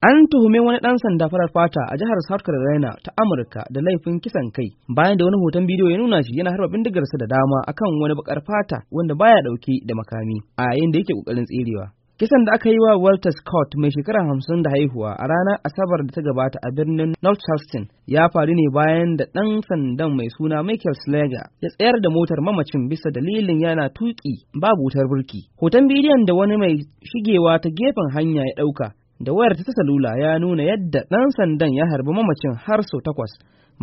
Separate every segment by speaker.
Speaker 1: An tuhumi wani ɗan sanda farar fata a jihar South Carolina ta Amurka da laifin kisan kai bayan da wani hoton bidiyo ya nuna shi yana harba bindigarsa da dama akan wani bakar fata wanda baya ɗauke da makami a yayin da yake ƙoƙarin tserewa. Kisan da aka yi wa Walter Scott mai shekara hamsin da haihuwa a ranar Asabar da ta gabata a birnin North Charleston ya faru ne bayan da ɗan sandan mai suna Michael Slager ya tsayar da motar mamacin bisa dalilin yana tuki babu wutar burki. Hoton bidiyon da wani mai shigewa ta gefen hanya ya ɗauka da wayar ta salula ya nuna yadda ɗan sandan ya harbi mamacin har sau takwas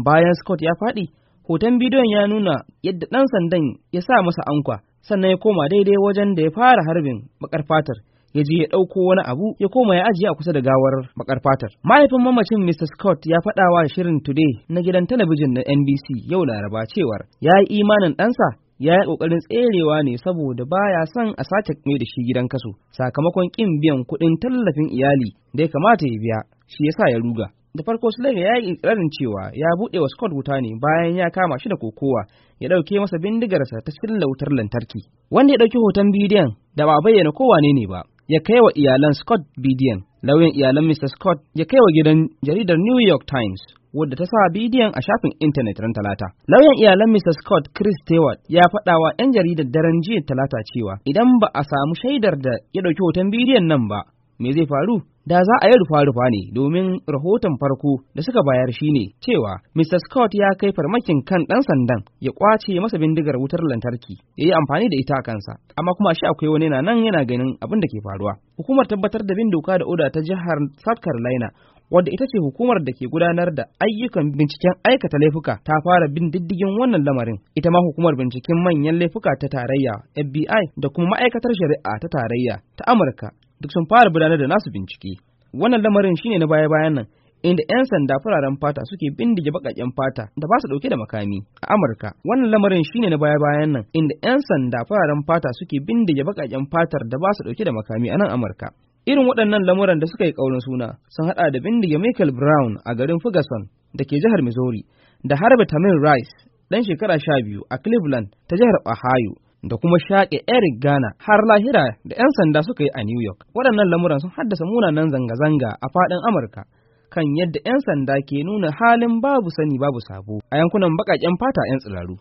Speaker 1: bayan scott ya faɗi hoton bidiyon ya nuna yadda ɗan sandan ya sa masa ankwa sannan ya koma daidai wajen da ya fara harbin bakar fatar ya je ya ɗauko wani abu ya koma ya ajiye a kusa da gawar bakar fatar. Mahaifin mamacin Mr. Scott ya faɗawa shirin Today na gidan talabijin na NBC yau Laraba cewar ya yi imanin ɗansa ya yi ƙoƙarin tserewa ne saboda baya son a sace mai da shi gidan kaso sakamakon ƙin biyan kuɗin tallafin iyali da ya kamata ya biya shi yasa ya ruga da farko Sulaiman ya yi ƙirarin cewa ya buɗe wa Scott wuta ne bayan ya kama shi da kokowa ya ɗauke masa bindigarsa ta cikin wutar lantarki wanda ya ɗauki hoton bidiyon da ba bayyana ne ne ba ya kai wa iyalan Scott bidiyon. Lauyan iyalan Mr. Scott ya kai wa gidan jaridar New York Times wadda ta sa bidiyon a shafin intanet ran talata. Lauyan iyalan Mr. Scott Chris Stewart ya faɗa wa 'yan jaridar daren jiya talata cewa idan ba a samu shaidar da ya ɗauki hoton bidiyon nan ba, me zai faru da za a yi rufa-rufa ne domin rahoton farko da suka bayar shine cewa Mr. Scott ya kai farmakin kan ɗan sandan ya kwace masa bindigar wutar lantarki ya yi amfani da ita a kansa amma kuma shi akwai wani na nan yana ganin abin da ke faruwa hukumar tabbatar da bin doka da oda ta jihar South Carolina wadda ita ce hukumar da ke gudanar da ayyukan binciken aikata laifuka ta fara bin diddigin wannan lamarin ita ma hukumar binciken manyan laifuka ta tarayya FBI da kuma ma'aikatar shari'a ta tarayya ta Amurka duk sun fara gudanar da nasu bincike wannan lamarin shine na baya-bayan nan inda 'yan sanda fararen fata suke bindige bakaken fata da ba su dauke da makami a Amurka. Wannan lamarin shine na baya-bayan nan inda 'yan sanda fararen fata suke bindige bakaken fatar da ba su dauke da makami a nan Amurka. Irin waɗannan lamuran da suka yi ƙaurin suna sun haɗa da bindige Michael Brown a garin Ferguson da ke jihar Missouri da harba Tamil Rice ɗan shekara sha biyu a Cleveland ta jihar Ohio da kuma shaƙe Eric Gana har lahira da 'yan sanda suka yi a New York. Waɗannan lamuran sun haddasa munanan zanga-zanga a faɗin Amurka kan yadda 'yan sanda ke nuna halin babu sani babu sabo a yankunan baƙaƙen fata 'yan tsiraru.